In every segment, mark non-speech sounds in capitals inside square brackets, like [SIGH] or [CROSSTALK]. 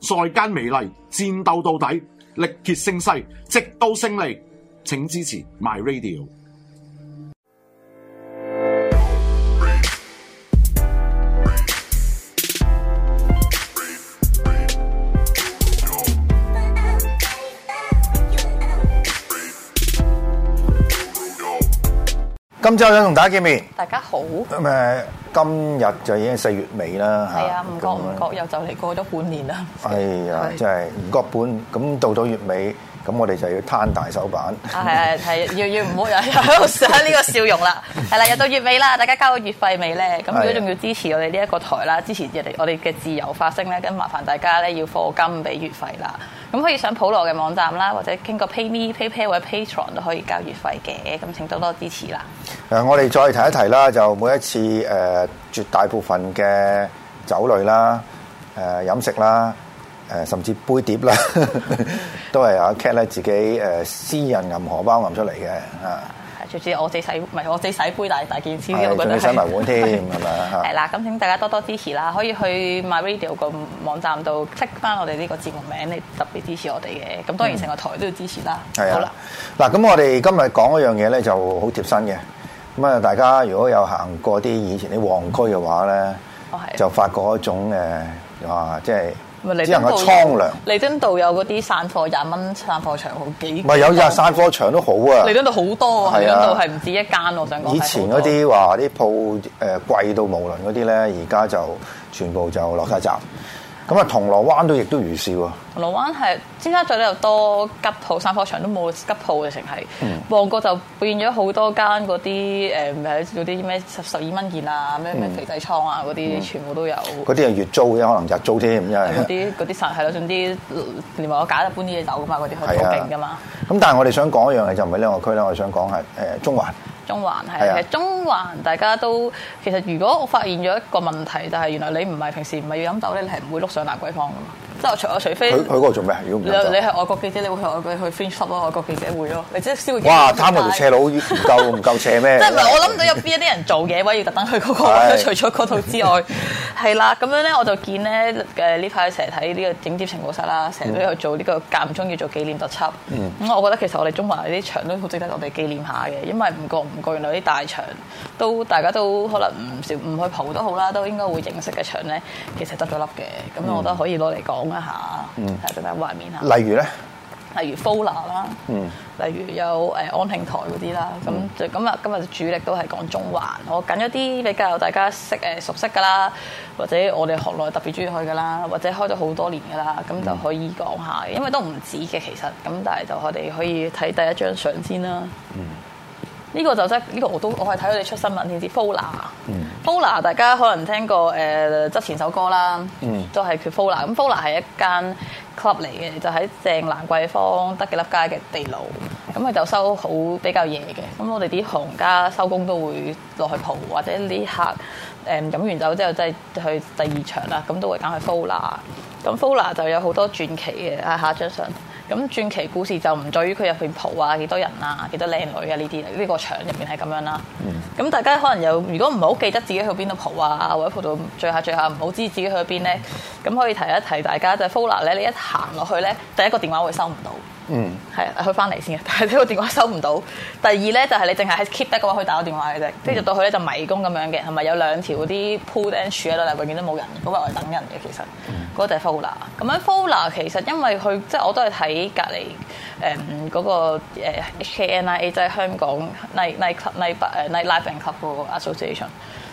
在間美麗，戰鬥到底，力竭聲嘶，直到勝利。請支持 My Radio。今朝想同大家見面，大家好。今日就已經四月尾啦，嚇。係啊，唔覺唔覺又就嚟過咗半年啦。係啊，真係唔覺半，咁到咗月尾。咁我哋就要攤大手板。啊，係係係，要要唔好又喺度想呢個笑容啦。係啦，又到月尾啦，大家交咗月費未咧？咁如果仲要支持我哋呢一個台啦，支持我哋嘅自由發聲咧，咁麻煩大家咧要課金俾月費啦。咁可以上普羅嘅網站啦，或者經過 PayMe、PayPal 或者 Patreon 都可以交月費嘅。咁請多多支持啦。誒，我哋再提一提啦，就每一次、呃、絕大部分嘅酒類啦、呃、飲食啦。呃誒甚至杯碟啦，都係阿 Cat 咧自己誒私人銀荷包揼出嚟嘅啊！係，甚至我自己洗唔係我自己洗杯大大件事，我覺得洗埋碗添係咪啊？係啦，咁請大家多多支持啦！可以去 My Radio 個網站度 check 翻我哋呢個節目名，你特別支持我哋嘅。咁當然成個台都要支持啦。係、嗯、啊！好啦，嗱咁我哋今日講一樣嘢咧就好貼身嘅。咁啊，大家如果有行過啲以前啲旺區嘅話咧、哦，就發覺一種誒啊，即係～只能夠蒼涼。彌敦道有嗰啲散貨，廿蚊散貨場好幾。唔係有廿散貨場都好啊。彌敦道好多是啊，彌敦道係唔止一間，我想講。以前嗰啲話啲鋪誒貴到無倫嗰啲咧，而家就全部就落曬閘。嗯。咁啊，銅鑼灣都亦都如是喎。銅鑼灣係尖沙咀咧又多吉鋪，三科場都冇吉鋪嘅成係。旺角就變咗好多間嗰啲誒，唔係啲咩十十二蚊件啊，咩咩肥仔倉啊嗰啲，全部都有。嗰啲係月租嘅，可能日租添，因為嗰啲嗰啲實係咯，總之連埋我假得搬啲嘢走噶嘛，嗰啲好勁噶嘛。咁但係我哋想講一樣嘢就唔係呢個區啦，我哋想講係誒中環。中環係啊，係係中環大家都其實，如果我發現咗一個問題，就係原來你唔係平時唔係要飲酒咧，你係唔會碌上蘭桂坊㗎嘛。即係除咗除非佢嗰個做咩？你你係外國記者，你會去外國去 finish 輯咯，外國記者會咯，你即係哇！貪佢條斜佬，唔夠唔夠斜咩？即 [LAUGHS] 係我諗到有邊一啲人做嘢，話要特登去嗰、嗰個。除咗嗰度之外，係 [LAUGHS] 啦，咁樣咧，我就見咧，誒呢排成日睇呢個影接情報室啦，成日都有做呢、呢個、嗯、間唔中要做紀念特輯。咁、嗯、我覺得其實我哋中環啲牆都好值得我哋紀念一下嘅，因為唔過唔過原來啲大牆都大家都可能唔少唔去塗都好啦，都應該會認識嘅牆咧，其實得咗粒嘅，咁我覺得可以攞嚟講。嗯一下，睇下啲咩畫面啊？例如咧，例如 Fala 啦，例如有誒安慶台嗰啲啦，咁就咁啊！今日主力都係講中環，我揀一啲比較有大家識誒熟悉噶啦，或者我哋學內特別中意去噶啦，或者開咗好多年噶啦，咁就可以講下，因為都唔止嘅其實，咁但係就我哋可以睇第一張相先啦。嗯呢、這個就真、是，呢、這個我都我係睇到你出新聞先知。Fola，Fola，mm. Fola，大家可能聽過誒側、呃、前首歌啦，mm. 都係叫 Fola。咁 Fola 係一間 club 嚟嘅，就喺、是、正蘭桂坊得幾粒街嘅地牢。咁佢就收好比較夜嘅。咁我哋啲行家收工都會落去蒲，或者呢客誒飲完酒之後即係去第二場啦，咁都會揀去 Fola。咁 Fola 就有好多傳奇嘅。啊，下張相。咁傳奇故事就唔在於佢入邊蒲啊，幾多人啊，幾多靚女啊，呢啲呢個場入邊係咁樣啦。咁、嗯、大家可能有如果唔係好記得自己去邊度蒲啊，或者蒲到最下最下唔好知自己去邊咧，咁可以提一提大家就係、follow 咧，你一行落去咧，第一個電話會收唔到。嗯，啊，佢翻嚟先嘅，但係呢個電話收唔到。第二咧就係你淨係喺 keep 得嘅話，佢打個電話嘅啫。跟住入到去咧就迷宮咁樣嘅，係咪有兩條嗰啲鋪頂柱喺度，永遠都冇人，嗰個我等人嘅其實。嗰就係 fuller 咁樣 fuller 其實因為佢即我都係睇隔離誒嗰個、呃、HKNIA，即係香港 night nightclub 誒 night life and club 嗰個 association，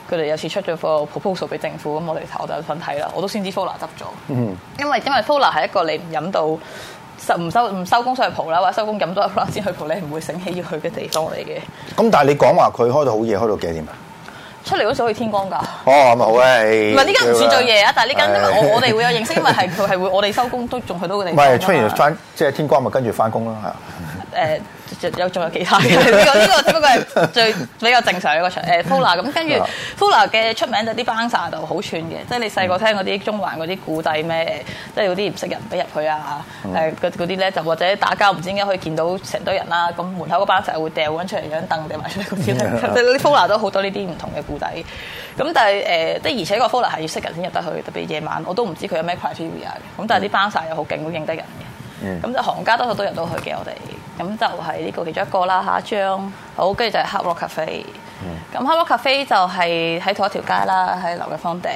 佢哋有次出咗個 proposal 俾政府，咁我哋我就睇啦，我都先知 fuller 執咗，因為因為 fuller 係一個你唔飲到收唔收唔收工先去蒲啦，或者收工飲咗一攤先去蒲，你唔會醒起要去嘅地方嚟嘅、嗯。咁但係你講話佢開到好夜，開到幾點啊？出嚟都想去天光㗎、哦，哦咁咪好啊！唔係呢間唔算最夜啊，哎、但係呢間我我哋會有認識，因為係佢係會我哋收工都仲去到嗰個地方。唔係出完翻，即係天光咪跟住翻工啦，係啊。誒、呃，有仲有其他嘅呢個呢個，這個、只不過係最比較正常嘅一個場誒。Fula 咁跟住、嗯、Fula 嘅出名就啲班蛇就好串嘅、嗯，即係你細個聽嗰啲中環嗰啲古仔咩即係嗰啲唔識人唔俾入去啊，誒嗰啲咧就或者打交唔知點解可以見到成堆人啦。咁門口嗰班蛇會掉揾出嚟張凳,凳來，掉、嗯、埋出、嗯、嚟嗰 [LAUGHS] 啲 [LAUGHS] Fula 都好多呢啲唔同嘅古仔咁，但係即的而且個 Fula 係要識人先入得去，特別夜晚我都唔知佢有咩 criteria 嘅。咁、嗯、但係啲班蛇又好勁，好認得人嘅。咁、嗯、就、嗯、行家多數都入到去嘅，我哋。咁就係呢個其中一個啦，一張好，跟住就係黑窩咖啡。咁黑 a 咖啡就係喺同一條街啦，喺、嗯、樓嘅方頂。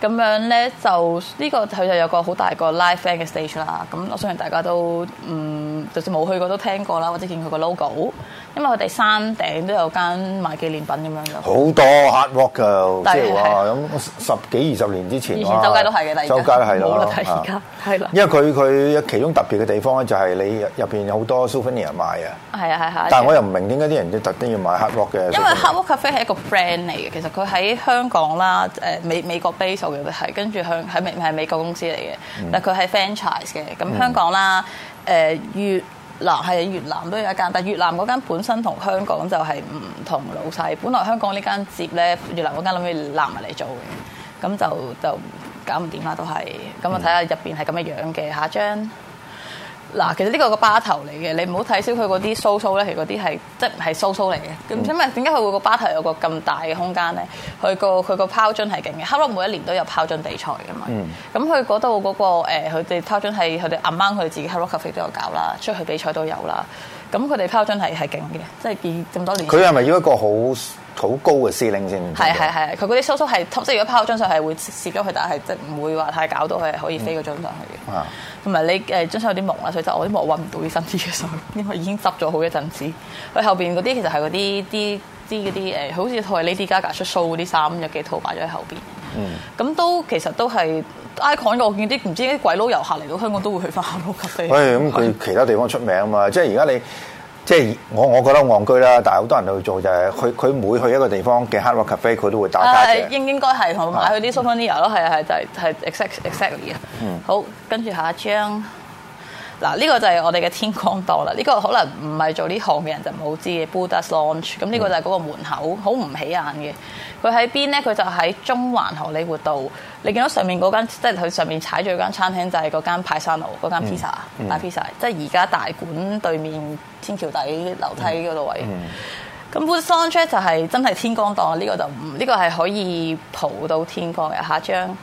咁樣咧就呢個佢就有個好大個 live fan 嘅 stage 啦。咁我相信大家都嗯，就算冇去過都聽過啦，或者見佢個 logo。因為佢哋山頂都有間賣紀念品咁樣，嘅。好多 hard rock 嘅，即係話咁十幾二十年之前以前周街都係嘅，第二但而家冇啦。第二家係啦。因為佢佢其中一特別嘅地方咧，就係你入邊有好多 Souvenir 賣啊。係啊係啊。但係我又唔明點解啲人即係特登要買 hard rock 嘅。因為 hard rock cafe 係一個 friend 嚟嘅，其實佢喺香港啦誒、呃、美美國 base 所。覺跟住向喺美係美國公司嚟嘅，但佢係 franchise 嘅。咁、嗯、香港啦，誒越嗱係越南都有一間，但係越南嗰間本身同香港就係唔同老細。本來香港呢間接咧，越南嗰間諗住攬埋嚟做嘅，咁就就搞唔掂啦，都係。咁我睇、嗯、下入邊係咁嘅樣嘅下一張。嗱，其實呢個個巴頭嚟嘅，你唔好睇少佢嗰啲蘇蘇咧，其實嗰啲係即係蘇蘇嚟嘅。咁點解點解佢會個巴頭有個咁大嘅空間咧？佢個佢個拋樽係勁嘅，Halo 每一年都有拋樽比賽嘅嘛。咁佢嗰度嗰個佢哋拋樽係佢哋啱啱，佢哋自己 Halo 咖啡都有搞啦，出去比賽都有啦。咁佢哋拋樽係係勁嘅，即係見咁多年。佢係咪要一個好？好高嘅司令先，係係係，佢嗰啲 show show 係即係如果拋張相係會攝咗佢，但係即係唔會話太搞到佢係可以飛嗰張上去嘅。同、嗯、埋你誒張相有啲朦啦，所以就我啲毛揾唔到啲新啲嘅相，因為我已經執咗好一陣子。佢後邊嗰啲其實係嗰啲啲啲嗰啲誒，好似係 Lady Gaga 出 show 嗰啲衫，有幾套擺咗喺後邊。咁都其實都係 icon、啊、我見啲唔知啲鬼佬遊客嚟到香港都會去翻下 cafe 咁，佢、嗯嗯、其他地方出名啊嘛。即係而家你。即係我我覺得戇居啦，但係好多人都去做就係佢佢每去一個地方嘅 Hard Rock Cafe，佢都會打卡嘅，應應該係同埋佢啲 souvenir 啊，係啊係就係係 exactly 啊，好跟住下一張。嗱，呢個就係我哋嘅天光檔啦。呢個可能唔係做呢行嘅人就冇知嘅。Buddha's Lounge，咁呢個就係嗰個門口，好唔起眼嘅。佢喺邊咧？佢就喺中環荷里活道。你見到上面嗰間，即係佢上面踩住嗰間餐廳，就係嗰間派山路嗰間 pizza，, mm. Mm. pizza 就是現在大 pizza，即係而家大館對面天橋底樓梯嗰度位。咁 Buddha's Lounge 就係真係天光檔，呢個就唔，呢個係可以蒲到天光嘅。下一張。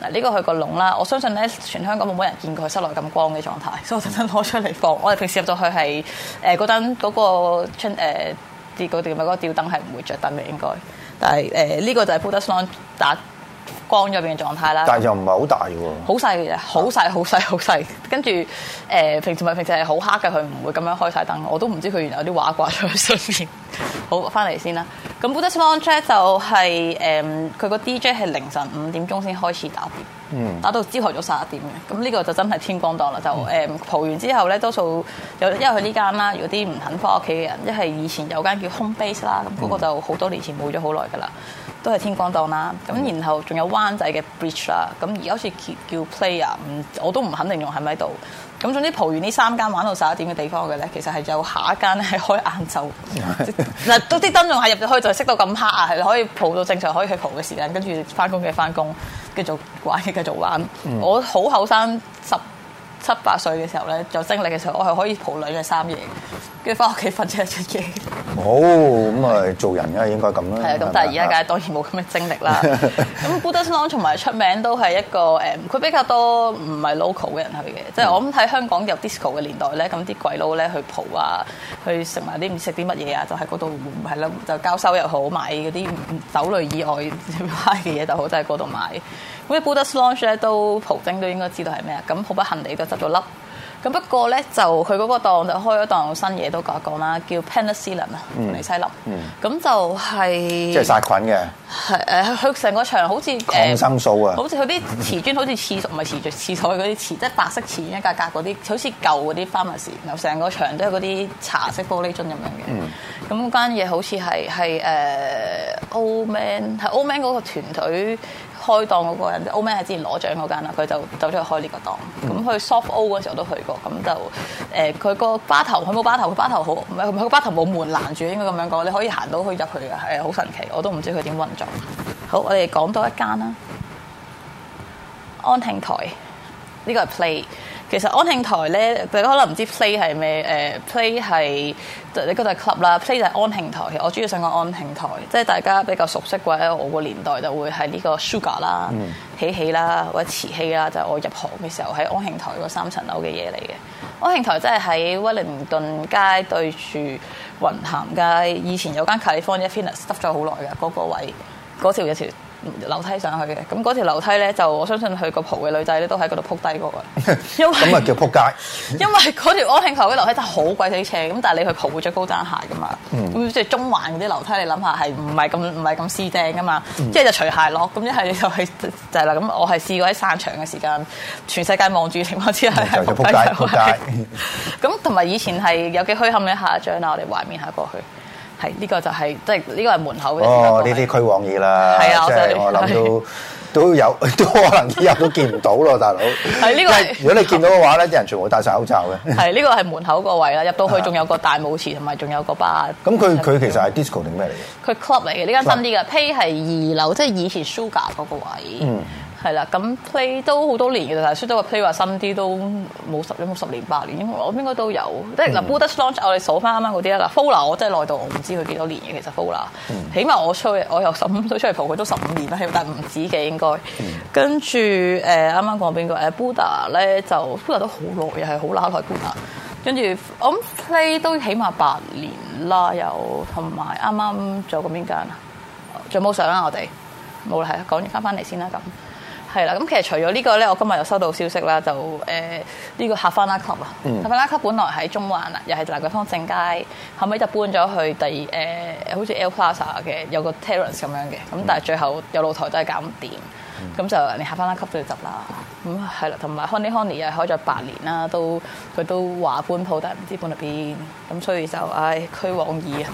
嗱，呢個係個籠啦，我相信咧，全香港冇乜人見過佢室內咁光嘅狀態，所以我特登攞出嚟放。我哋平時入到去係誒嗰燈嗰個誒啲嗰啲咪吊燈係唔會着燈嘅應該，但係誒呢個就係 Podeston 打。光咗入邊嘅狀態啦，但係又唔係好大喎，好細嘅，好細，好細，好細。跟住誒平時咪平時係好黑嘅，佢唔會咁樣開晒燈。我都唔知佢原來有啲畫掛咗喺上面。 [LAUGHS] 好，翻嚟先啦。咁 Goodes Lounge 就係誒佢個 DJ 係凌晨五點鐘先開始打碟、嗯，打到朝頭早十一點嘅。咁呢個就真係天光檔啦。就誒、嗯嗯、蒲完之後咧，多數有因為佢呢間啦，如果啲唔肯返屋企嘅人，一係以前有間叫 Home Base 啦，咁嗰個就好多年前冇咗好耐㗎啦，都係天光檔啦。咁然後仲有灣仔嘅 Bridge 啦，咁而家好似叫，叫 Player，唔我都唔肯定用喺咪度。咁總之蒲完呢三間玩到十一點嘅地方嘅咧，其實係有下一間係開晏晝。嗱， [LAUGHS] 都啲燈仲係入咗去，就熄到咁黑啊！係可以蒲到正常，可以去蒲嘅時間，跟住翻工嘅翻工，繼續玩，繼續玩。嗯、我好後生十七八歲嘅時候咧，有精力嘅時候，我係可以蒲兩日三夜，跟住翻屋企瞓住一出機。好咁啊，做人啊應該咁啦。係啊，但係而家梗係當然冇咁嘅精力啦。咁 [LAUGHS] 古德斯朗同埋出名都係一個誒，佢比較多唔係 local 嘅人去嘅，即、嗯、係我諗喺香港有 disco 嘅年代咧，咁啲鬼佬咧去蒲啊，去食埋啲唔食啲乜嘢啊，就喺嗰度唔係啦，就是、交收又好買嗰啲酒類以外嘅嘢就好，都喺嗰度買。v b u d e a Slaunch 咧都蒲丁都應該知道係咩啊？咁好不幸地都執咗笠。咁不過咧就佢嗰個檔就開咗檔新嘢都講一講啦，叫 Penicillin 啊，尼西林。咁、嗯嗯、就係、是、即係殺菌嘅。係佢成個牆好似抗生素啊，呃、好似佢啲瓷磚，好似廁所唔係瓷磚，廁所嗰啲瓷即白色瓷磚一格格嗰啲，好似舊嗰啲 pharmacy。然後成個牆都有嗰啲茶色玻璃樽咁樣嘅。咁間嘢好似係係誒、呃、Old Man，係 Old Man 嗰個團隊，開檔嗰個人，Oman 係之前攞獎嗰間啦，佢就走出去開呢個檔。咁去 Soft O 嗰時候我都去過，咁就誒佢、呃、個巴頭，佢冇巴頭，佢巴頭好唔係唔係佢巴頭冇門攔住，應該咁樣講，你可以行到去入去㗎，係好神奇，我都唔知佢點運作。好，我哋講多一間啦，安亭台呢、呢個係 Play。其實安慶台咧，大家可能唔知 play 係咩？誒、呃、play 係呢度就 club 啦，play 就係安慶台。我主要上過安慶台，即係大家比較熟悉啩咧。我個年代就會係呢個 sugar 啦、嗯、喜喜啦或者慈禧啦，就係、是、我入行嘅時候喺安慶台嗰三層樓嘅嘢嚟嘅。安慶台真係喺威靈頓街對住雲鹹街，以前有間 California Fitness，執咗好耐嘅嗰個位，嗰條一條，樓梯上去嘅，咁嗰條樓梯咧，就我相信佢個蒲嘅女仔咧，都喺嗰度撲低過嘅。咁啊叫撲街！因為嗰 [LAUGHS] 條安慶球嘅樓梯真係好鬼死斜，咁但係你去蒲會着高踭鞋㗎嘛，咁即係中環嗰啲樓梯你諗下，係唔係咁唔係咁斯正㗎嘛，嗯、即係就除鞋落，咁一係你就係就係、是、啦。咁我係試過喺散場嘅時間，全世界望住情況之下係撲街。撲街。咁同埋以前係有幾墟冚嘅，下一張啦，我哋懷念下過去。係，呢、這個就係、是、即係呢、這個係門口嘅。哦，呢啲區王二啦，即係我諗到都有，都可能以後都見唔到咯，大佬。係呢個，如果你見到嘅話咧，啲 [LAUGHS] 人全部戴晒口罩嘅。係呢、這個係門口個位啦，入到去仲有一個大舞池，同埋仲有一個吧。咁佢佢其實係 disco 定咩嚟嘅？佢 club 嚟嘅，呢間新啲嘅，Pay 係二樓，即係以前 sugar 嗰個位置。嗯係啦，咁 Play 都好多年嘅，但出到個 Play 話深啲都冇十冇十年八年，應該我應該都有。即係嗱，Booter Launch 我哋數翻啱啱嗰啲啦。Fuller 我真係耐到我唔知佢幾多年嘅，其實 Fuller 起碼我出去我由十五歲出嚟蒲佢都十五年啦，但唔止嘅應該。嗯、跟住誒，啱啱講邊個誒？Boota 咧就 Boota 都好耐，又係好乸耐。Boota 跟住我 Play 都起碼八年啦，又，同埋啱啱仲有個邊間？仲冇相啊？我哋冇係講翻翻嚟先啦，咁。係啦，咁其實除咗呢、這個咧，我今日又收到消息啦，就誒呢、呃這個 Havana Club 啊，Havana Club 本來喺中環啦，又係蘭桂坊正街，後尾就搬咗去第誒、呃、好似 L 似 Air Plaza 嘅，有個 terrace n 咁樣嘅，咁但係最後有露台都係搞唔掂，咁、mm. 就連 Havana Club 都要執啦，咁係啦，同埋 Honey Honey 又開咗八年啦，都佢都話搬鋪，但係唔知搬到邊，咁所以就唉，俱往矣啊！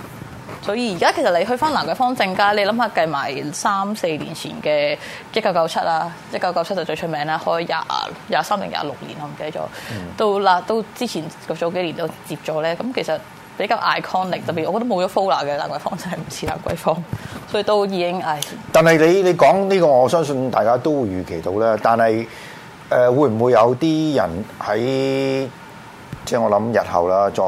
所以而家其實你去翻蘭桂坊正街，你諗下計埋三四年前嘅一九九七啦，一九九七就最出名啦，開廿廿三年廿六年我唔記得咗、嗯，到啦到之前早幾年都接咗咧，咁其實比較 iconic，特別我覺得冇咗 full 嘅蘭桂坊真係唔似蘭桂坊，所以都已經唉。但係你你講呢個我相信大家都會預期到啦，但係誒、呃、會唔會有啲人喺即係我諗日後啦再？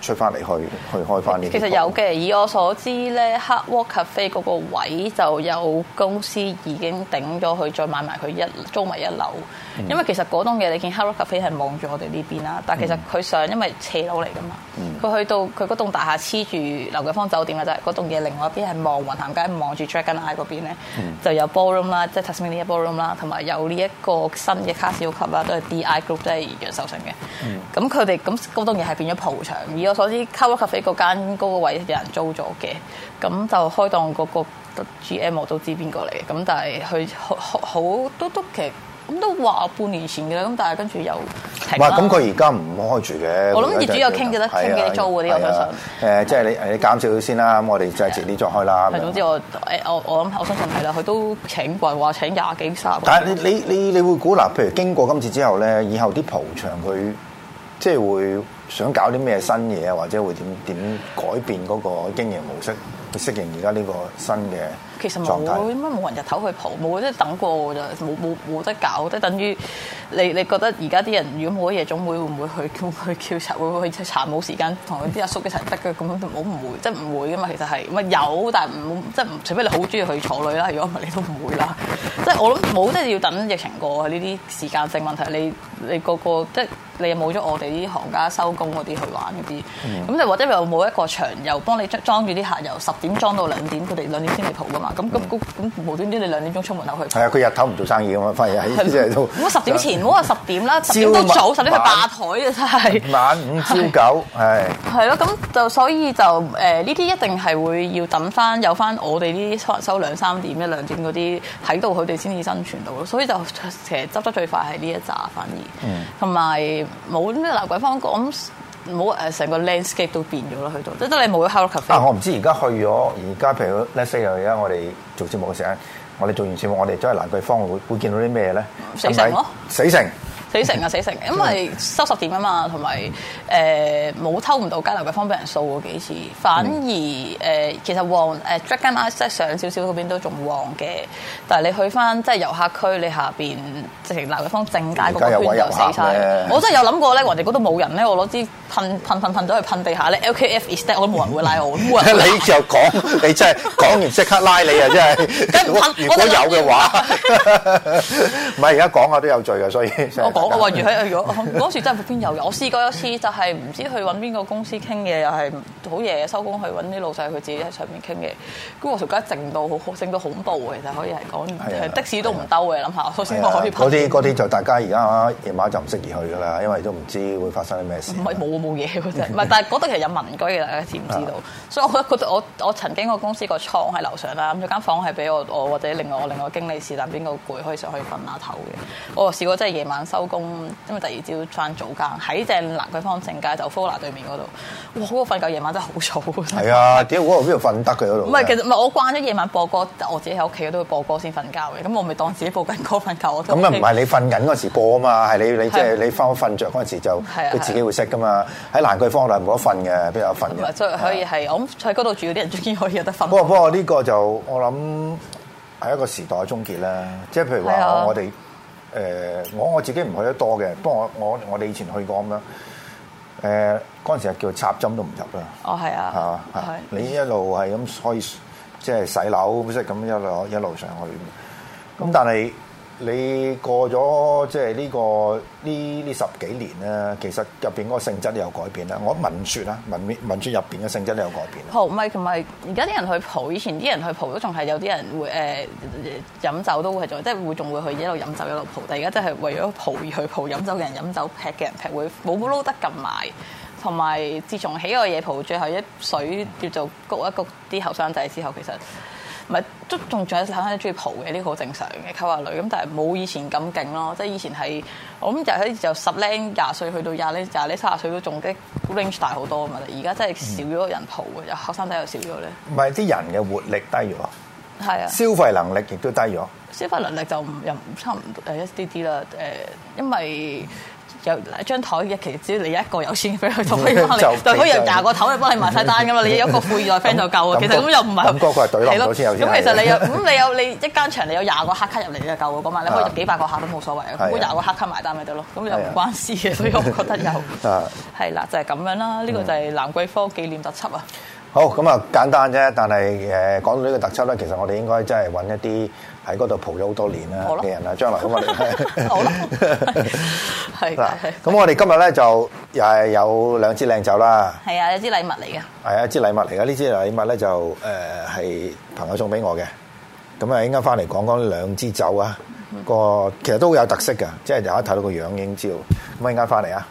出翻嚟去去開翻呢啲。其實有嘅，以我所知咧，黑窩咖啡嗰個位就有公司已經頂咗佢，再買埋佢一租埋一樓。因為其實嗰棟嘢，你見 c a r r o 咖啡係望住我哋呢邊啦，但其實佢上因為斜樓嚟噶嘛，佢、嗯、去到佢嗰棟大廈黐住劉錦芳酒店嘅就係、是、嗰棟嘢另外一邊係望雲行街，望住 Dragon Eye 嗰邊咧，嗯、就有 ballroom 啦，即係 Tasmania ballroom 啦，同埋有呢一個新嘅 c a s i o Club 啦，都係 D I Group，都係楊秀成嘅。咁佢哋咁嗰棟嘢係變咗蒲場。以我所知 c a r r o 咖啡嗰間嗰個位置有人租咗嘅，咁就開檔嗰個 G M 我都知邊個嚟嘅。咁但係佢好好都都其實。咁都話半年前嘅啦，咁但係跟住又唔係咁，佢而家唔開住嘅。我諗業主有傾嘅，得傾幾多租嗰啲、啊啊呃呃嗯嗯啊啊，我相信。誒，即係你誒，你減少佢先啦。咁我哋就再遲啲再開啦。係總之我誒我我諗我相信係啦。佢都請過話請廿幾三十。但係你你你會估嗱？譬如經過今次之後咧，嗯、以後啲蒲場佢即係會想搞啲咩新嘢啊，或者會點點改變嗰個經營模式，去適應而家呢個新嘅。其實冇，應冇人日頭去蒲，冇即係等過就冇冇冇得搞，即係等於你你覺得而家啲人如果冇咗夜總會會唔會去去去查會唔會去查冇時間同啲阿叔一齊得嘅咁樣？冇唔會，即係唔會噶嘛。其實係咪有，但係唔即係除非你好中意去坐女啦，如果唔係你都唔會啦。即係我諗冇即係要等疫情過呢啲時間性問題，你你個個即係你又冇咗我哋啲行家收工嗰啲去玩嗰啲，咁、嗯、你或者又冇一個場又幫你裝住啲客由十點裝到兩點，佢哋兩點先嚟蒲㗎嘛。咁咁咁咁無端端你兩點鐘出門口去？係啊，佢日頭唔做生意嘅嘛，反而喺呢只度。咁啊，十點前，唔好話十點啦，十點都早，十點去霸台啊真係。晚五朝九係。係咯，咁就所以就誒呢啲一定係會要等翻有翻我哋啲可能收兩三點一兩點嗰啲喺度佢哋先至生存到咯，所以就其實執得最快係呢一紮反而，同埋冇咩難鬼翻工。唔好誒，成個 landscape 都變咗啦，去到即係得你冇咗 hello cafe。啊，我唔知而家去咗，而家譬如 let's say 而家我哋做節目嘅時候，我哋做完節目，我哋再嚟蘭桂坊會會見到啲咩咧？死城咯，啊，死城。死成啊，死成，因為收十點啊嘛，同埋誒冇偷唔到街。蘭桂坊俾人掃過幾次，反而誒、呃、其實旺誒 Dragon-i 上少少嗰邊都仲旺嘅，但係你去翻即係遊客區，你下邊直情蘭桂坊正街嗰個圈又死晒。我真係有諗過咧，人哋嗰度冇人咧，我攞支噴噴噴噴咗去噴，噴地下咧，LKF is dead，我都冇人會拉我，冇 [LAUGHS] 人。你又講， [LAUGHS] 你真係講完即刻拉你啊！真係， [LAUGHS] 如果有嘅話，唔係而家講下都有罪嘅，所以。我話住喺如果嗰時、那個、真係邊有嘅，我試過一次就係唔知去揾邊個公司傾嘢，又係好夜收工去揾啲老細，佢自己喺上面傾嘢，咁我條街靜到好靜到恐怖嘅，其實可以係講的士都唔兜嘅，諗下我先可以拍。嗰啲嗰啲就大家而家夜晚就唔適宜去噶啦，因為都唔知會發生啲咩事。唔係冇冇嘢嘅啫，唔係， [LAUGHS] 但係嗰度其實有民居嘅，大家知唔知道？ [LAUGHS] 所以我覺得我我，我曾經個公司個倉喺樓上啦，咁有間房係俾我我或者另外我另外經理是但邊個攰可以上去瞓下頭嘅。我試過真係夜晚收。咁，因為第二朝翻早更喺正蘭桂坊正街，就 Formula 對面嗰度。哇，嗰個瞓覺夜晚真係好嘈。係啊，點解嗰度邊度瞓得佢嗰度？唔係，其實唔係我慣咗夜晚播歌，我自己喺屋企都會播歌先瞓覺嘅。咁我咪當自己播緊歌瞓覺。咁啊，唔係你瞓緊嗰時播啊嘛，係你你即係你瞓瞓著嗰陣時就佢自己會 set 噶嘛。喺蘭桂坊嗰度唔得瞓嘅，邊度瞓嘅？即係、啊、可以係、啊、我喺嗰度住嗰啲人，終於可以有得瞓。不過不過呢、呢個就我諗係一個時代終結啦。即係譬如話我哋。誒我我自己唔去得多嘅，不過我我我哋以前去過咁樣。誒嗰陣時係叫插針都唔入啦。哦，係啊，係啊，你一路係咁可以即係洗樓，即係咁一路一路上去。咁但你過咗即係呢個呢呢十幾年咧，其實入邊嗰個性質都有改變啦。我聞說啦，聞聞說入邊嘅性質都有改變。好，唔係同埋而家啲人去蒲，以前啲人去蒲都仲係有啲人會誒、呃、飲酒都會仲即係會仲會去一路飲酒一路蒲。但而家真係為咗蒲而去蒲，飲酒嘅人飲酒，劈嘅人劈，會冇冇撈得咁埋。同埋自從喜愛夜蒲最後一水叫做「谷一谷」啲後生仔之後，其實。唔係，都仲仲有後生仔中意蒲嘅，呢個好正常嘅溝下女。咁但係冇以前咁勁咯，即係以前係我諗由由十零廿歲去到廿零廿零三十歲都仲激 range 大好多啊嘛。而家真係少咗個人蒲嘅，又、嗯、後生仔又少咗咧。唔係啲人嘅活力低咗，係啊，消費能力亦都低咗。消費能力就又差唔多誒一啲啲啦，誒，因為。有一張台其實只要你一個有錢 friend 就可以幫你，就可以廿個頭嚟幫你埋晒單㗎嘛。你一個富二代 friend 就夠那。其實咁又唔係。咁嗰係對嘅。其實你有，咁 [LAUGHS] 你有你一間場，你有廿個黑卡入嚟就夠嘅嘛。那個、你可以入幾百個客都冇所謂啊。廿個黑卡埋單咪得咯。咁又唔關事嘅。所以我覺得有。係啦，就係、是、咁樣啦。呢、嗯呢個就係蘭桂坊紀念特輯啊。好，咁啊簡單啫。但係誒講到呢個特輯咧，其實我哋應該真係揾一啲喺嗰度蒲咗好多年啦嘅人啦，將來咁啊。我哋 [LAUGHS] 好啦吧。 [LAUGHS] 咁我哋今日咧就又係有兩支靚酒啦。係啊，有支禮物嚟嘅。係啊，支禮物嚟嘅。呢支禮物咧就誒係、呃、朋友送俾我嘅。咁啊，陣間翻嚟講講兩支酒啊。個 [LAUGHS] 其實都好有特色㗎。即係大家睇到個樣已經知道。咁啊，陣間翻嚟啊。